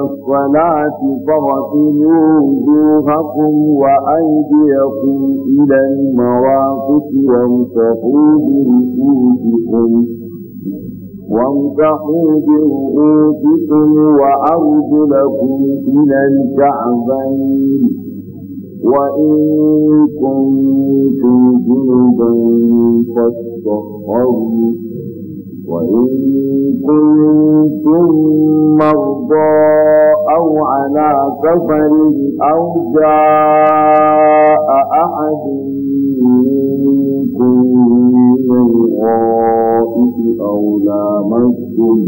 الصلاة فاغسلوا وجوهكم وأيديكم إلى المرافق وامسحوا برؤوسكم وامسحوا برؤوسكم وأرجلكم إلى الكعبين وإن كنتم جنبا فاستغفروا وإن كنتم مرضى أو على سفر أو جاء أحد منكم من الغائب أو لامستم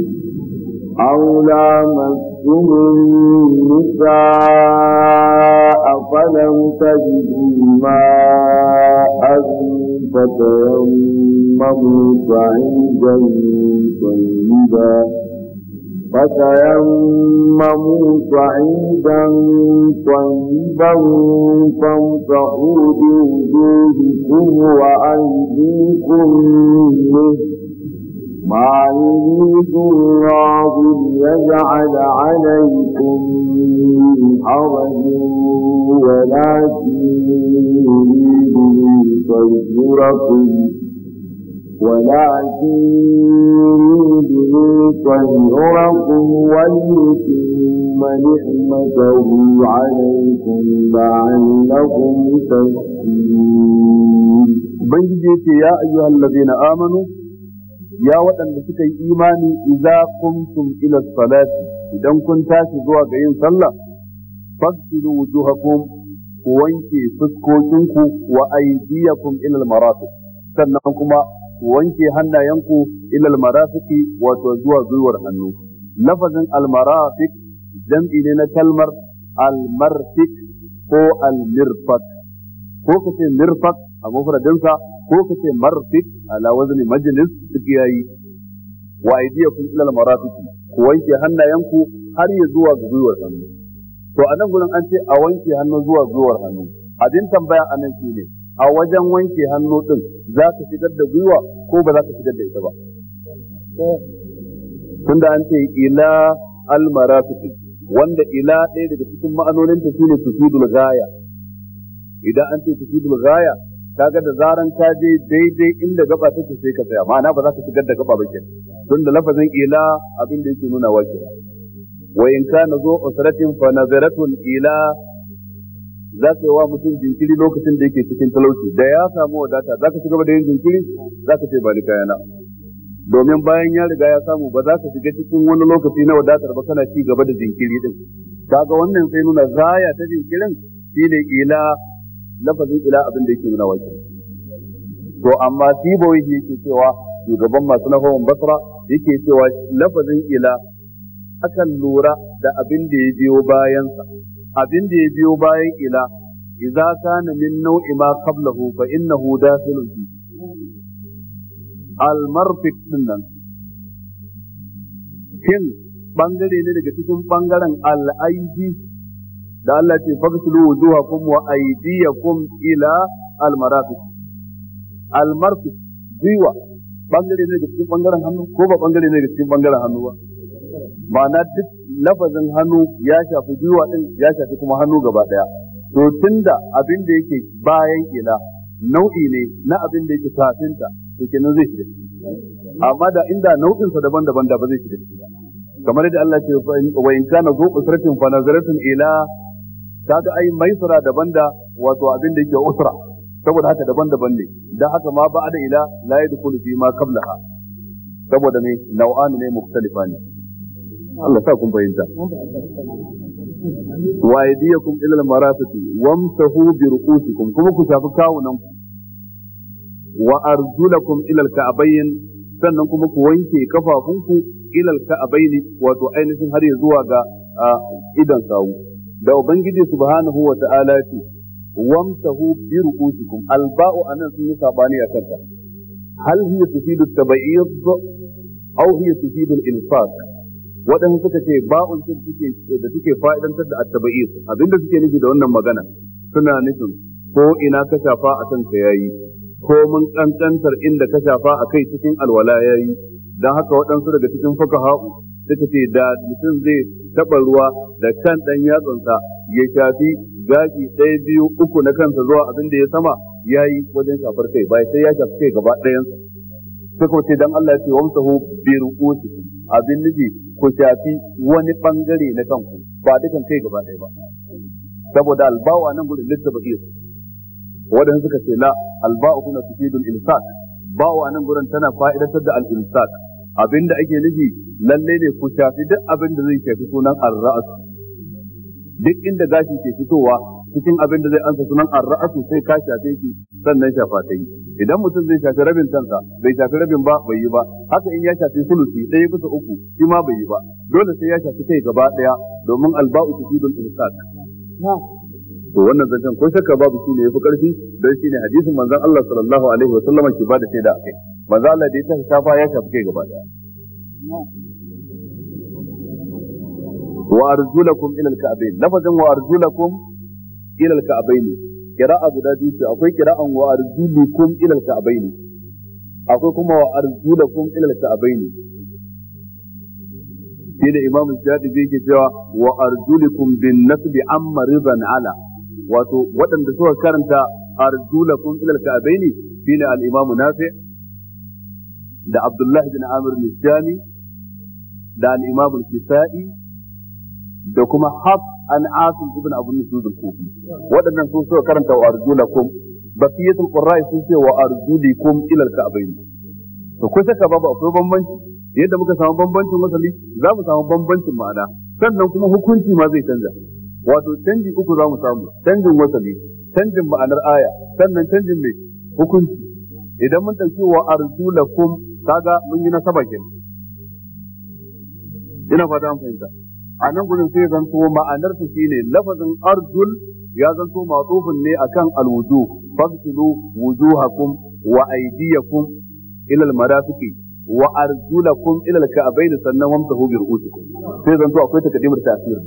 أو لامستم النساء فلم تجدوا ماء فتيمموا صعيدا طيبا فتيمموا صعيدا طيبا فامسحوا بوجوهكم وأيديكم منه ما يريد الله ليجعل عليكم من حرج ولكن يريد ليطهر ينذركم ولكن يريد ليطهركم وليتم نعمته عليكم لعلكم تشكرون بنجيتي يا أيها الذين آمنوا يا وطن لكي إيماني إذا قمتم إلى الصلاة إذا كنت تاسي زوا صلى فاغسلوا وجوهكم ku wanke fuskokinku wa aydiyakum ila al-marafiq sannan kuma ku wanke hannayenku ila al wato zuwa gwiwar hannu lafazin al jam'i ne na kalmar al ko al-mirfaq ko kace mirfaq a mufradinsa ko kace marfiq ala wazni majlis duk yayi wa aydiyakum ila al-marafiqi ku wanke hannayenku har ya zuwa gwiwar hannu to a nan gurin an ce a wanke hannu zuwa gwiwar hannu abin tambaya a nan shine a wajen wanke hannu din za ka shigar da gwiwa ko ba za ka shigar da ita ba tunda an ce ila almarafiq wanda ila ɗaya daga cikin ma'anonin ta shine tusudul gaya idan an ce tusudul gaya kaga da zaran ka je daidai inda gaba take sai ka tsaya ma'ana ba za ka shigar da gaba ba kenan tunda lafazin ila abin da yake nuna wa kenan wa in kana zo usratin fa nazaratun ila za ka yi wa mutum jinkiri lokacin da yake cikin talauci da ya samu wadata za ka da yin jinkiri za ka ba ni kayana domin bayan ya riga ya samu ba za ka shiga cikin wani lokaci na wadatar ba kana ci gaba da jinkiri din kaga wannan sai nuna zaya ta jinkirin ne ila lafazin ila abin da yake nuna waje. to amma sibawai yake cewa shugaban masu nafawan basra yake cewa lafazin ila akan lura da abin da ya biyo bayansa abin da ya biyo bayan ila idza kana min nau'i ma qablahu fa innahu dakhilun fi al marfiq dinnan kin bangare ne daga cikin bangaren al aidi da Allah ce fagsulu wujuhakum wa aydiyakum ila al marafiq al marfiq biwa bangare ne daga cikin bangaren hannu ko ba bangare ne daga cikin bangaren hannu ba ma'ana duk lafazin hannu ya shafi gwiwa din ya shafi kuma hannu gaba daya to tunda abin da yake bayan ila nau'i ne na abin da yake kafin ta to kenan zai shiga amma da inda nau'in sa daban-daban da ba zai shiga kamar yadda Allah ce wa in kana zo usratin fa nazaratun ila kaga ai maisara daban da wato abin da yake usra saboda haka daban-daban ne dan haka ma ba da ila la yadkhulu fi ma qablaha saboda ne nau'an ne mukhtalifa ne Allah sa kun fahimta wa aydiyakum ila al-marafiqi wamsahu bi ru'usikum kuma ku shafi kawunan ku wa arjulakum ila al-ka'bayn sannan kuma ku wanke kafafunku ila al-ka'bayn wato ainihin har ya zuwa ga idan sawu da ubangiji subhanahu wa ta'ala ce wamsahu bi ru'usikum al-ba'u anan sun yi sabani a kanta hal hiya tufidu at-tabayyid aw hiya tufidu al-infaq waɗanda suka ce ba'un sun suke da suke fa'idantar da attabai abinda suke nufi da wannan magana suna nufin ko ina ka shafa a kan ka yayi ko mun kankantar inda ka shafa a kai cikin alwala yayi dan haka waɗansu daga cikin fakaha'u suka ce da mutum zai taɓa ruwa da kan ɗan yatsunsa ya shafi gaji ɗaya biyu uku na kansa zuwa abin da ya sama ya yi wajen shafar kai bai sai ya shafi kai gaba ɗayansa suka ce dan Allah ya ce wamsahu bi ru'usikum abin nufi ku shafi wani bangare na kanku ba dukan kai gaba ɗaya ba saboda albawa nan gudun lissa ba iya wadanda suka ce la alba'u kuna dun insaq bawa nan gudun tana fa'idantar da al insaq abinda ake nufi lalle ne ku shafi duk abinda zai shafi sunan ar duk inda gashi ke fitowa cikin abin da zai ansa sunan ar-ra'su sai ka shafe shi sannan shafa ta yi idan mutum zai shafi rabin kansa bai shafi rabin ba bai yi ba haka in ya shafi sulusi ɗaya bisa uku shi ma bai yi ba dole sai ya shafi kai gaba ɗaya domin alba'u tufidul insan to wannan zancen ko shakka babu shi ne yafi karfi shi ne hadisin manzon Allah sallallahu alaihi wa sallama ke da shaida kai manzo Allah da ya shafa ya shafi kai gaba ɗaya wa arjulakum ila al-ka'bayn lafazin wa arjulakum ilal ka'abaini qira'a guda biyu ce akwai qira'an wa arjulukum ilal ka'abaini akwai kuma wa arjulakum ilal ka'abaini shine imam shadi ke cewa wa arjulukum bin nasbi amma ridan ala wato waɗanda suka karanta arjulakum ilal ka'abaini shine al-imam nafi da abdullahi bin amir nisjani da al-imam al-kisa'i da kuma hafs an asim ibn abu nusud al-kufi waɗannan sun so karanta wa arjulakum basiyatul qurra'i sun ce wa arjulikum ila al-ka'bayn to ko saka babu akwai bambanci yadda muka samu bambancin wasali za mu samu bambancin ma'ana sannan kuma hukunci ma zai canza wato canji uku za mu samu canjin wasali canjin ma'anar aya sannan canjin mai hukunci idan mun ɗauki wa arjulakum kaga mun yi na kenan ina fata an fahimta a nan gudun sai zanto ma'anar ta shine lafazin arjul ya zanto matufin ne akan alwujuh fasilu wujuhakum wa aydiyakum ilal marafiki wa arjulakum ila alka'bayn sannan wamsa bi ru'usikum sai zanto akwai takadimar ta'sir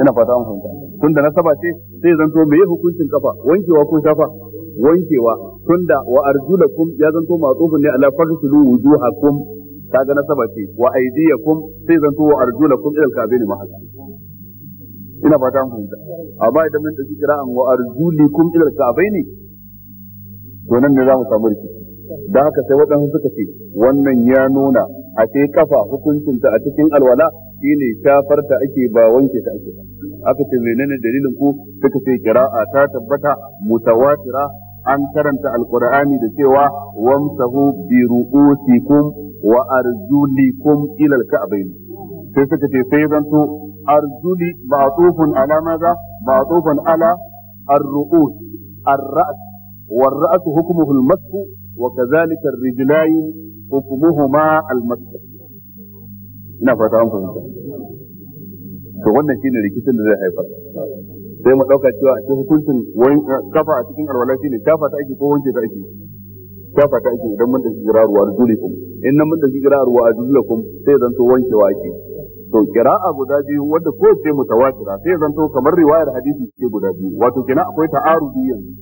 ina fata mun fahimta tunda nasaba ce sai zanto me yi hukuncin kafa wankewa ko shafa wankewa tunda wa arjulakum ya zanto matufin ne ala fasilu wujuhakum kaga nasaba ce wa aidiyakum sai zan wa arjulakum ila al-ka'bayn mahal ina fata mun fahimta amma idan mun dauki kira'an wa arjulikum ila al to nan ne za mu samu rikici da haka sai waɗansu suka ce wannan ya nuna a ce kafa ta a cikin alwala shine shafar ta ake ba wanke ta ake aka ce menene dalilin ku suka ce kira'a ta tabbata mutawatira an karanta alqur'ani da cewa wamsahu bi ru'usikum wa arjulikum ila al sai suka ce sai zanto arjuli ma'tufun ala maza ma'tufun ala ar-ru'us ar-ra's والرأس حكمه المسح وكذلك الرجلين حكمهما المسح ina fata an fahimta to wannan shine rikicin da zai haifar sai mu dauka cewa a hukuncin kafa a cikin alwala shine kafa ta ake ko wanke ta shafa ta ake idan mun da kiraruwa rujulikum in nan mun da kiraruwa rujulikum sai zanto wankewa ake to a guda biyu wanda ko sai mutawatira sai zanto kamar riwayar hadisi ce guda biyu wato kina akwai ta'arudi yanzu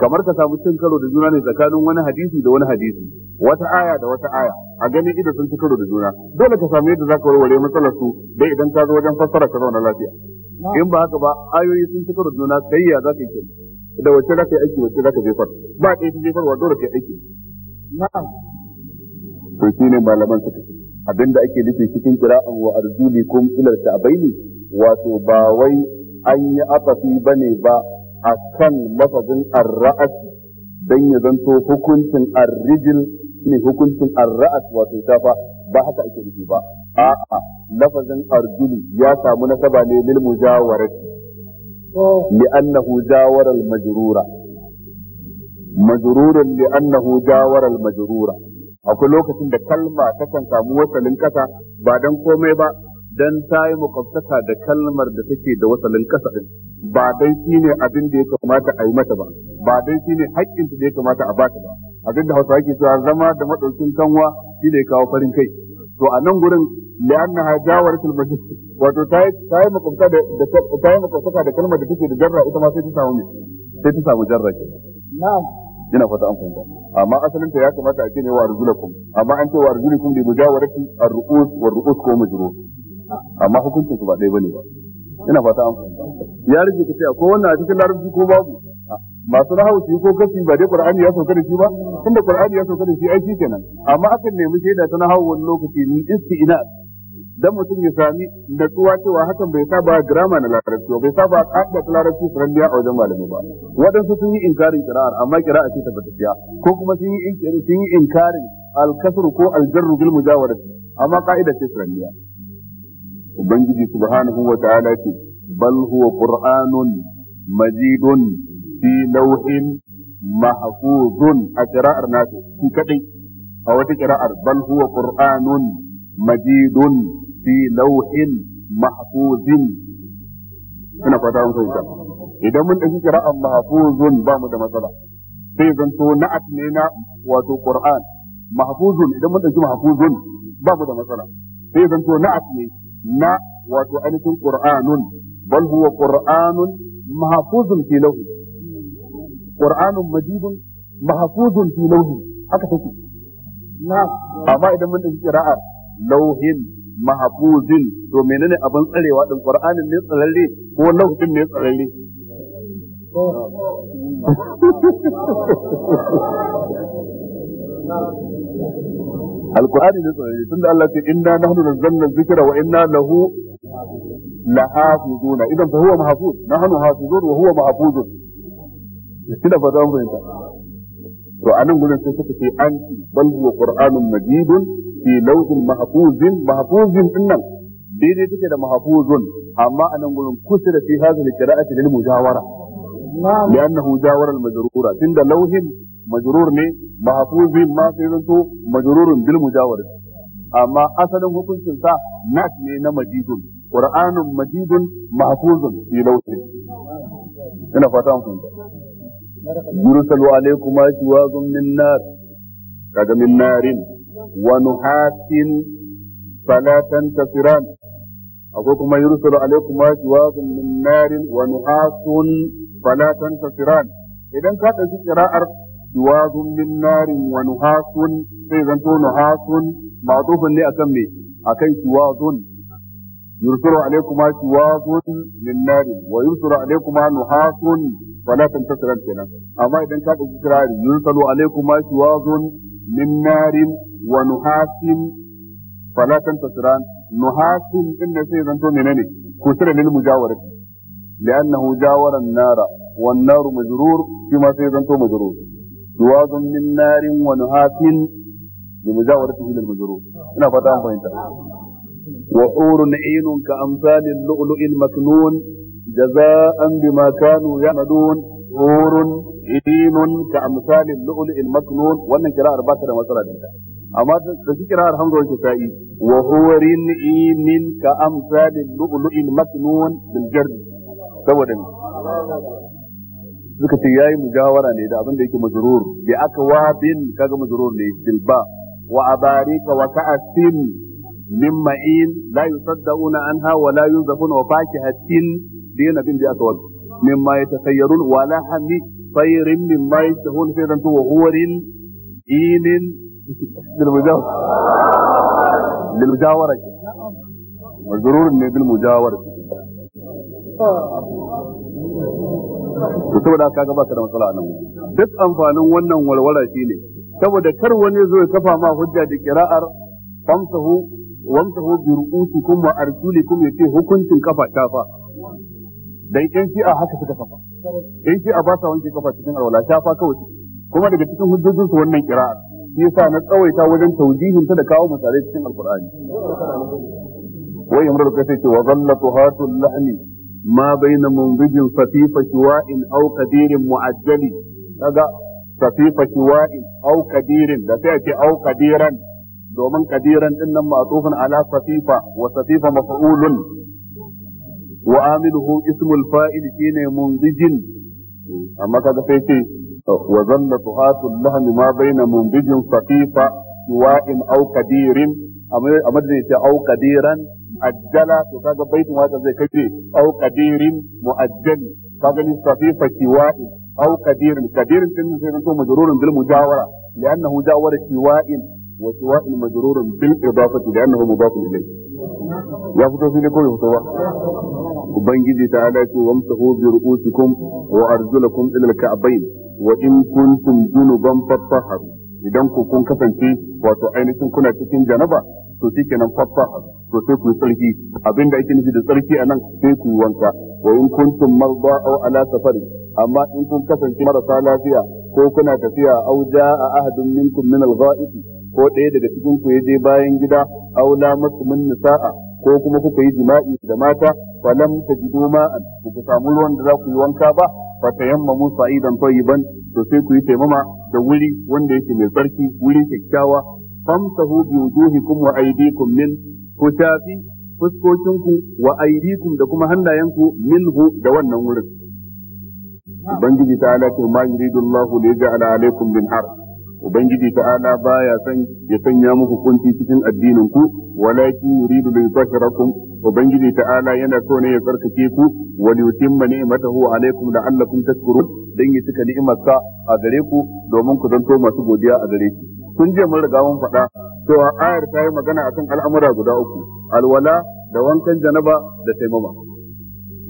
kamar ka samu cin karo da juna ne tsakanin wani hadisi da wani hadisi wata aya da wata aya a ganin ido sun ci karo da juna dole ka samu yadda za ka warware matsalar su dai idan ka zo wajen fassara ka zauna lafiya in ba haka ba ayoyi sun ci karo da juna kai ya ka yi da wacce za ka yi aiki wacce za ka jefar ba ɗaya ta wa, dole ka yi aiki to shi ne malaman suka ce abinda ake nufi cikin kira'an wa arzuli kum ilal ne wato ba wai an yi afafi ne ba a kan mafazin arra'as don ya zanto hukuncin arrijil ne hukuncin arra'as wato shafa ba haka ake nufi ba a'a lafazin arzuli ya samu nasaba ne lil mujawarati لأنه جاور المجرورة مجرور لأنه جاور المجرورة akwai lokacin da kalma takan samu wasalin kasa ba don komai ba don ta yi da kalmar da take da wasalin kasa din ba dai shi ne abin da ya kamata a yi mata ba ba dai shi ne haƙƙin da ya kamata a bata ba abin da hausa yake cewa zama da maɗaukin kanwa shi ne kawo farin kai to a nan gurin لأنها جاورت المجلس وتتاي تاي مقبتا تاي مقبتا da kalmar da take da jarra ita ma sai ta samu sai ta samu jarra ke ina fata an fahimta amma asalin ta ya kamata a ce ne wa arzulakum amma an ce wa arzulakum bi mujawarati ar-ru'us wa ruus ko majrur amma hukuncin su ba dai bane ba ina fata an fahimta ya rike kace ko wannan a cikin larabci ko babu masu rahawu su ko kafi ba dai qur'ani ya sauka da shi ba tunda qur'ani ya sauka da shi ai kenan amma akan nemi shaida ta nahawu wani lokaci ni ina. dan mutum ya sami natsuwa cewa hakan bai saba girama na larabci bai saba kaida ta larabci sananniya a wajen malami ba waɗansu sun yi inkarin kira'ar amma kira'a ce tabbatacciya ko kuma sun yi inkarin sun yi inkarin alkasru ko aljarru bil mujawarati amma kaida ce sananniya ubangiji subhanahu wa ta'ala ce bal huwa qur'anun majidun fi lawhin mahfuzun a kira'ar nasu shi kadai a wata kira'ar bal huwa qur'anun majidun fi lauhin mahfuzin ina fata mun fahimta idan mun qira'an mahfuzun ba mu da matsala sai na'at ne na wato qur'an mahfuzun idan mun mahfuzun ba mu da matsala sai na'at ne na wato qur'anun bal huwa qur'anun mahfuzun fi lauhi qur'anun majidun mahfuzun fi lauhi haka take na amma idan mun lauhin mahfuzin to menene abin tsarewa din qur'anin ne tsararre ko lauhin ne tsararre alqur'ani ne tsararre tunda Allah ce inna nahnu nazzalna dhikra wa inna lahu lahafizuna idan fa huwa mahfuz nahnu hafizun wa huwa mahfuzun kina fata mun fahimta to an bal fi lauhin mahfuzin mahfuzin din nan daidai take da mahfuzun amma a nan gurin kusura fi hadhihi qira'ati lil mujawara لأنه جاور المجرورة عند لوح مجرور ne محفوظ ما سيزنتو مجرور بالمجاورة amma asalin hukuncin sa nas ne na majidun qur'anun majidun mahfuzun fi lawhin ina fata an kunta yursalu alaykum ashwazun min nar kaga narin ونحاس فلا تنتصران أقولكم يرسل عليكم جواب من نار ونحاس فلا تنتصران إذا كانت قراءة جواب من نار ونحاس فإذا نحاس معطوف لأكمل أكي جواب يرسل عليكم جواب من نار ويرسل عليكم نحاس فلا تنتصران كنا أما إذا كانت إسرائيل يرسل عليكم جواب من نار ونحاس فلا تنتصران نحاس إن سيدنا انتو منني كسر للمجاورة لأنه جاور النار والنار مجرور كما سيدنا انتو مجرور جواز من نار ونحاس لمجاورته للمجرور أنا فتاة فهمت وحور عين كأمثال اللؤلؤ المكنون جزاء بما كانوا يعملون حور عين كأمثال اللؤلؤ المكنون وأن قراءة أربعة مسألة amma da shi kira alhamdu wake sa'i wa huwa rin'i min ka amsalil lu'lu'il maknun bil jard saboda ne suka ce yayi mujawara ne da abin da yake majrur bi akwabin kaga majrur ne bil ba wa abarika wa ka'asin min ma'in la yusaddauna anha wa la yunzafuna wa fakihatin dina bin bi akwab mimma yatasayyarun wa lahmi tayrin mimma yashtahun sai zanto wa huwa rin'in للمجاورة مجرور ne بالمجاورة to saboda kaga baka da matsala nan duk amfanin wannan walwala shine saboda kar wani zo ya kafa ma hujja da kira'ar famsahu wamsahu bi ru'usikum wa arjulikum yace hukuncin kafa ta fa. dan in a haka suka kafa in a ba sa wanke kafa cikin alwala fa kawai kuma daga cikin hujjojinsu wannan kira'ar shi yasa na tsawaita wajen taujihin ta da kawo misalai cikin alqur'ani wa imrul kace wa wa zallatuhatul lahni ma baina munbijin safifa shiwa'in aw qadirin mu'ajjali kaga safifa shiwa'in aw qadirin da sai ce aw qadiran domin qadiran din nan ma'tufun ala safifa wa safifa maf'ulun wa amiluhu ismul fa'il shine munbijin amma kaga sai ce وظل طهاة اللحم ما بين منبج صفيفة سواء أو كدير ليس أو كديرا أجلا وكذا بيت هذا زي كذي أو كدير مؤجل كذا صفيفة سواء أو كدير كدير سنتو مجرور بالمجاورة لأنه جاور سواء وسواء مجرور بالإضافة لأنه مضاف إليه يا فتو في لكل فتوى وبنجي تعالى وامسحوا برؤوسكم وأرجلكم إلى الكعبين wa in kuntum junuban idan ku kun kasance wato ainihin kuna cikin janaba to kenan fattaharu to sai ku yi tsarki abinda ake nufi da tsarki anan, sai ku yi wanka wa in kuntum marda aw ala safari amma in kun kasance marasa lafiya ko kuna tafiya aw jaa ahadun minkum min al-gha'ib ko ɗaya daga cikin ku je bayan gida aw lamasum nisaa ko kuma kuka yi jima'i da mata falam tajidu ma'an ku samu ruwan da za ku yi wanka ba fa mu sa'idan tayyiban to sai ku yi taimama da wuri wanda yake mai tsarki wuri kyakkyawa famsahu bi wujuhikum wa aydikum min ku tafi fuskokinku wa aydikum da kuma hannayenku minhu da wannan wurin ubangiji ta alaka ma yuridu Allah li ja'ala alaykum min harj ubangiji ta'ala baya san ya sanya muku kunci cikin addinin ku walakin yuridu li yutahhirakum ubangiji ta'ala yana so ne ya tsarkake ku wa li yutimma ni'matahu alaykum la'allakum tashkurun dan ya cika ni'imarsa a gare ku domin ku zanto masu godiya a gare shi kun je mun riga mun faɗa cewa ayar ta yi magana akan al'amura guda uku alwala da wankan janaba da taimama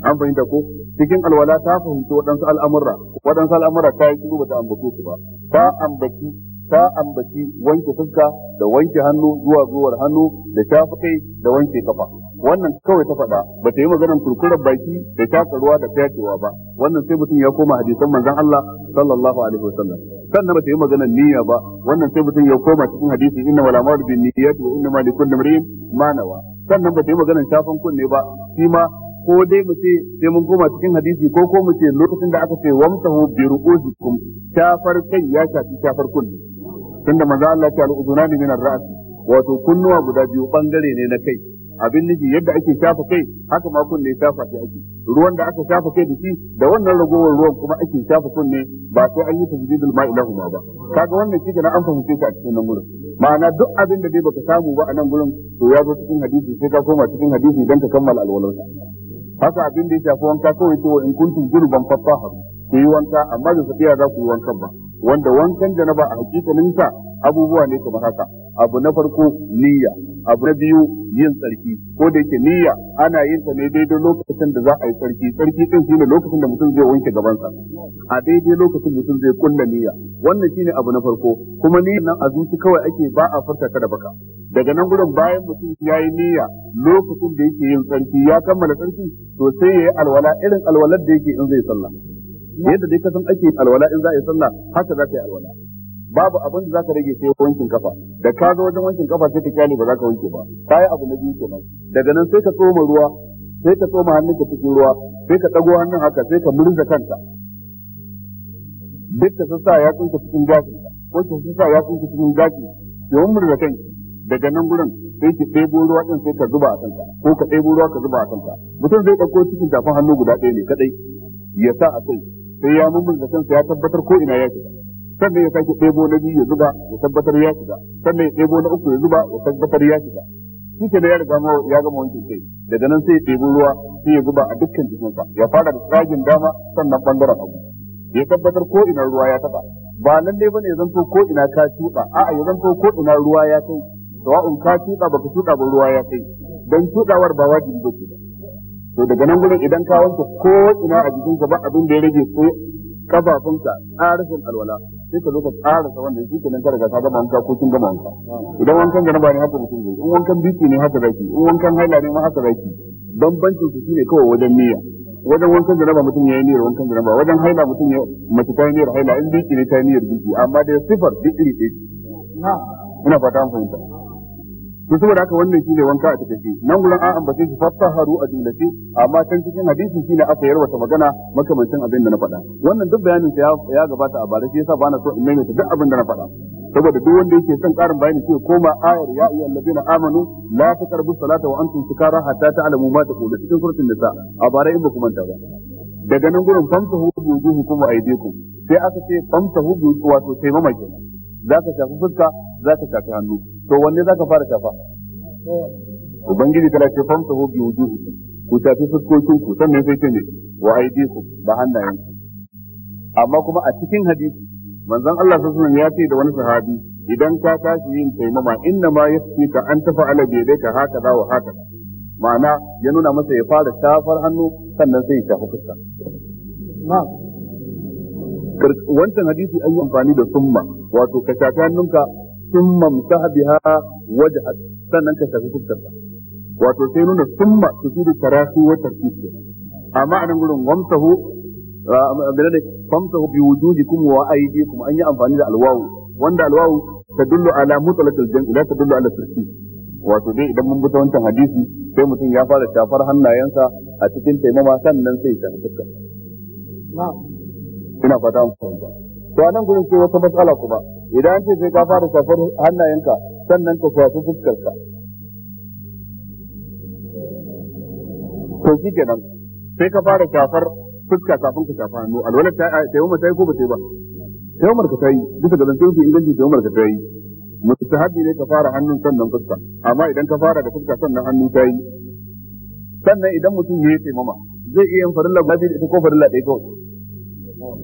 an fahimta ko cikin alwala ta fahimci waɗansu al'amura waɗansu al'amura ta yi kuma bata ambace su ba ta ambaci ta ambaci wanke fuska da wanke hannu zuwa zuwar hannu da shafa da wanke kafa wannan kawai ta faɗa ba ta yi maganar kurkurar baki da shafa ruwa da fyacewa ba wannan sai mutum ya koma hadisan manzon Allah sallallahu alaihi wasallam sannan ba ta yi maganar niyya ba wannan sai mutum ya koma cikin hadisi inna wala ma'rud bin niyyati wa inna ma likulli imrin ma nawa sannan ba ta yi maganar shafan kunne ba shi ma ko dai mu ce sai mun koma cikin hadisi ko ko mu ce lokacin da aka ce wamsahu bi ru'usikum shafar kai ya shafi shafar kunne tunda maza Allah ya al ne min ar wato kunnuwa guda biyu bangare ne na kai abin niji yadda ake shafa kai haka ma kunne shafa shi ake ruwan da aka shafa kai da shi da wannan ragowar ruwan kuma ake shafa kunne ba sai an yi tajjidul ma'i ma ba kaga wannan shi na an fahimce shi a cikin nan gurin ma'ana duk abin da dai baka samu ba a nan gurin to ya zo cikin hadisi sai ka koma cikin hadisi dan ka kammala alwalarka haka abin da ya shafi wanka kawai to in kuntum junuban fatahar ku yi wanka amma da safiya za ku yi wankan ba wanda wankan da na ba a hakikanin sa abubuwa ne kamar haka abu na farko niyya abu na biyu yin tsarki ko da yake niyya ana yin ta ne daidai lokacin da za a yi tsarki tsarki din shine lokacin da mutum zai wanke gabansa a daidai lokacin mutum zai kulla niyya wannan shine abu na farko kuma niyyar nan a zuci kawai ake ba a farka ta baka daga nan gurin bayan mutum ya yi niyya lokacin da yake yin tsarki ya kammala tsarki to sai ya yi alwala irin alwalar da yake in zai sallah yadda dai ka san ake alwala in za a yi sallah haka za ka yi alwala babu abin da za ka rage sai wankin kafa da ka zo wajen wankin kafa sai ka kyale ba za ka wanke ba ka yi abu na biyu kenan daga nan sai ka tsoma ruwa sai ka tsoma hannunka cikin ruwa sai ka ɗago hannun haka sai ka murza kanka duk ka sassa ya tsinka cikin gashi ko ka sassa ya tsinka cikin gashi domin murza kanki daga nan gurin sai ki ɗebo ruwa ɗin sai ka zuba a kanka ko ka ɗebo ruwa ka zuba a kanka mutum zai ɗauko cikin tafin hannu guda ɗaya ne kaɗai ya sa a kai sai ya mummun da kansa ya tabbatar ko ina ya shiga sannan ya sake ɗebo na biyu ya zuba ya tabbatar ya shiga sannan ya ɗebo na uku ya zuba ya tabbatar ya shiga shi ke da ya riga ya gama wancan sai daga nan sai ya ɗebo ruwa sai ya zuba a dukkan jikinsa ya fara da tsagin dama sannan ɓangaren abu. ya tabbatar ko ina ruwa ya taɓa ba nan dai bane ya zanto ko ina ka tuɗa a'a ya zanto ko ina ruwa ya kai sawa'un ka tuɗa baka tuɗa ba ruwa ya kai dan tuɗawar ba wajibi ba to daga nan gurin idan ka wanke ko ina a jikin ka ba abin da ya rage ko kafafunka tsarin alwala sai ka zo ka sa wannan shi kenan ka riga ka gama wanka ko kin gama wanka idan wankan ba ne haka mutum zai in wankan biki ne haka zaki in wankan haila ne ma haka zaki bambancin su shine kawai wajen niyya wajen wankan ba mutum ya yi niyyar wankan ba wajen haila mutum ya mace ta yi niyyar haila in biki ne ta yi niyyar biki amma da sifar duk iri ɗaya ina fata an fahimta duk saboda haka wannan shine wanka a cikin nan gurin an ambace shi haru a jumlace amma can cikin hadisin shine aka yarwata ta magana makamancin abin da na faɗa wannan duk bayanin sa ya gabata a bare shi yasa bana na so in maimaita duk abin da na faɗa saboda duk wanda yake son ƙarin bayani sai koma ayar ya ayyuhal ladina amanu la taqrabu salata wa antum sukara hatta ta'lamu ma taqulu cikin suratul nisa a bare in ba ku manta ba daga nan gurin famsahu bi wujuhikum wa aydikum sai aka ce famsahu bi wato sai mamaki za ka shafi fuska za ka shafi hannu to wanne za ka fara shafa ubangiji ta ce fanta hobi bi wujuhi ku shafi fuskokin ku sannan sai ce ne wa ku ba hannayen amma kuma a cikin hadisi manzon Allah sallallahu alaihi ya ce da wani sahabi idan ka tashi yin taimama inna ma yafi ka an tafa'ala bi haka hakaza wa haka. ma'ana ya nuna masa ya fara shafar hannu sannan sai ya shafi fuska wancan hadisi an yi amfani da summa wato ka shafi hannunka summa mutahabiha waje sannan ka shafi fuskarka wato sai nuna summa su tudu karatu wa tarkib amma anan gurin wamsahu bilane famsahu bi wujudikum wa aydikum an yi amfani da alwawu wanda alwawu ta tadullu ala mutlaqil jam'i ta dullo ala tarkib wato dai idan mun buta wancan hadisi sai mutum ya fara shafar hannayensa a cikin taimama sannan sai ya shafi fuskarsa ina fata mun fahimta to a anan gurin sai wata matsala kuma idan an ce sai ka fara safar hannayenka sannan ka shafi fuskarka to shi kenan sai ka fara shafar fuska kafin ka shafa hannu alwala ta ta yi ta yi ko ba ta yi ba ta yi umar ka ta yi bisa ga zance inganci ta yi umar ka ta yi mustahabi ne ka fara hannun sannan fuska amma idan ka fara da fuska sannan hannu ta yi sannan idan mutum ya yi taimama zai iya yin farilla guda biyu ko farilla ɗaya kawai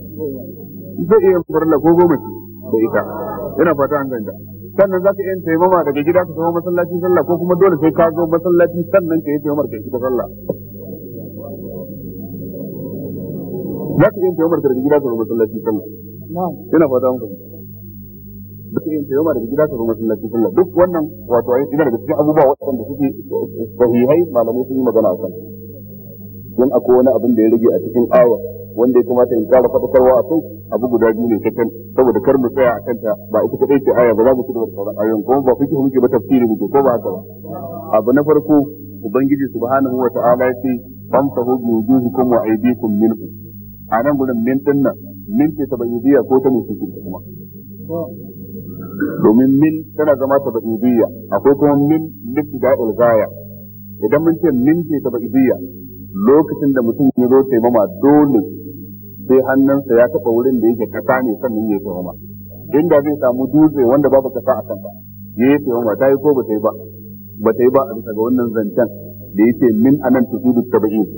zai iya yin farilla ko goma ce da ita ina fata an ganta sannan za ka iya taimama daga gida ka samu masallacin sallah ko kuma dole sai ka zo masallaci sannan ka yi taimamar ka shiga sallah za ka iya taimamar ka daga gida ka masallaci sallah ina fata an ganta da su yin tayyama daga gida sun zo masallaci sallah duk wannan wato ayin ina daga cikin abubuwa waɗanda suke sahihai malamai sun yi magana a kan yan akwai wani abin da ya rage a cikin awa wanda ya kamata in kara fadakarwa a kai abu guda biyu ne kakan saboda kar mu tsaya a kanta ba ita kadai ce aya ba za mu ci gaba da sauran ayoyin kuma ba fikihu muke ba tafsiri muke ko ba haka ba abu na farko ubangiji subhanahu wa ta'ala ya ce famsahu bi wujuhikum wa aydikum minhu a nan gudun min din nan min ce biya ko ta musulmi kuma domin min tana zama ta biya. akwai kuma min da ghaya idan mun ce min ce ta biya, lokacin da mutum ya zo taimama dole sai hannunsa ya taɓa wurin da yake kasa ne sannan ya yi tuhuma inda zai samu dutse wanda babu kasa a kanta ya yi tuhuma ta yi ko ba ta yi ba ba ta yi ba a bisa ga wannan zancen da yake min anan tusibu tabi'in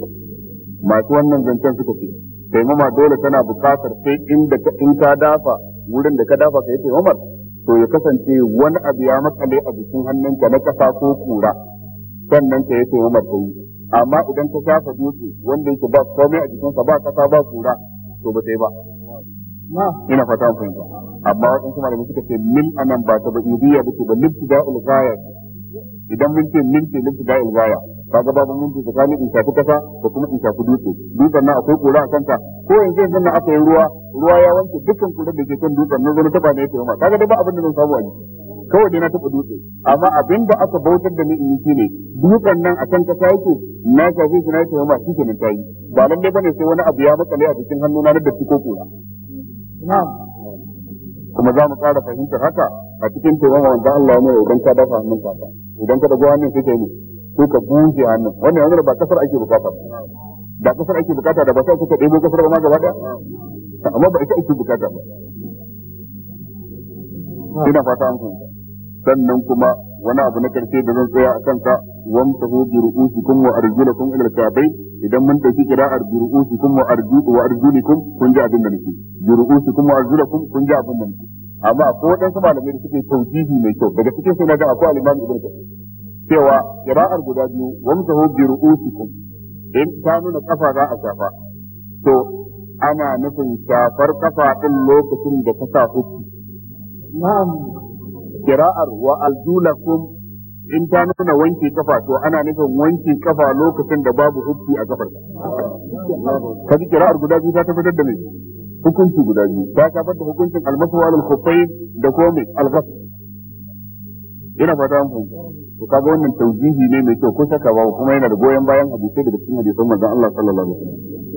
masu wannan zancen suka ce taimama dole tana bukatar sai inda in ka dafa wurin da ka dafa ka yi taimamar to ya kasance wani abu ya makale a jikin hannunka na kasa ko kura sannan ka yi taimamar ka yi amma idan ka shafa dutse wanda yake ba komai a jikinsa ba kasa ba kura to ba sai ba ina fata mun fahimta amma kuma da suka ce min anan ba ta ba ibiya ba ce ba da ulgaya. idan mun ce min ce limti libtida'ul ghaya kaga babu mun ce tsakanin in shafi kasa da kuma in shafi dutse dutsen nan akwai kura a kanta ko yanzu yanzu nan aka yi ruwa ruwa ya wanke dukkan kura da ke kan dutsen nan ta ba ne ya ce ma kaga da ba abin da zan samu a jiki kawai dai na taɓa dutse amma abin da aka bautar da ni shi ne shine dutsen nan akan kasa yake na shafi shi na yake yamma shi kenan tayi ba nan lalle bane sai wani abu ya matsale a cikin hannuna na da ko kura kuma za mu ƙara fahimtar haka a cikin tuhuma wanda Allah ne idan ka dafa hannun ka idan ka dago hannun suke ne sai ka bushe hannun wannan yanzu ba kasar ake bukata ba kasar ake bukata da ba sai kuka ɗebo kasar ba ma gaba ɗaya amma ba ita ake bukata ba ina fata an kuma sannan kuma wani abu na karshe da zan tsaya a kanka wamsahu bi ru'usikum wa arjulakum ila al-ka'bayn idan mun dauki kira bi ru'usikum wa arjul wa arjulikum kun ji abin da nake bi ru'usikum wa arjulakum kun ji abin da nake amma ko akwai su malamai da suke taujihi mai kyau daga cikin su naga akwai al-imam ibn kathir cewa qira'ar guda biyu wamsahu bi ru'usikum in ta nuna kafa za a shafa to ana nufin shafar kafa din lokacin da ka sa hukunci. na'am kira'ar wa aljulakum in ta nuna wanke kafa to ana nufin wanke kafa lokacin da babu hukki a kafar ka ji kira'ar guda biyu ta tabbatar da mai hukunci guda biyu ta tabbatar da hukuncin almasu wal da kome mai alghas ina fata mun to kaga wannan taujihi ne mai kyau ko saka ba kuma yana da goyon bayan hadisi daga cikin hadisan manzon Allah sallallahu alaihi wasallam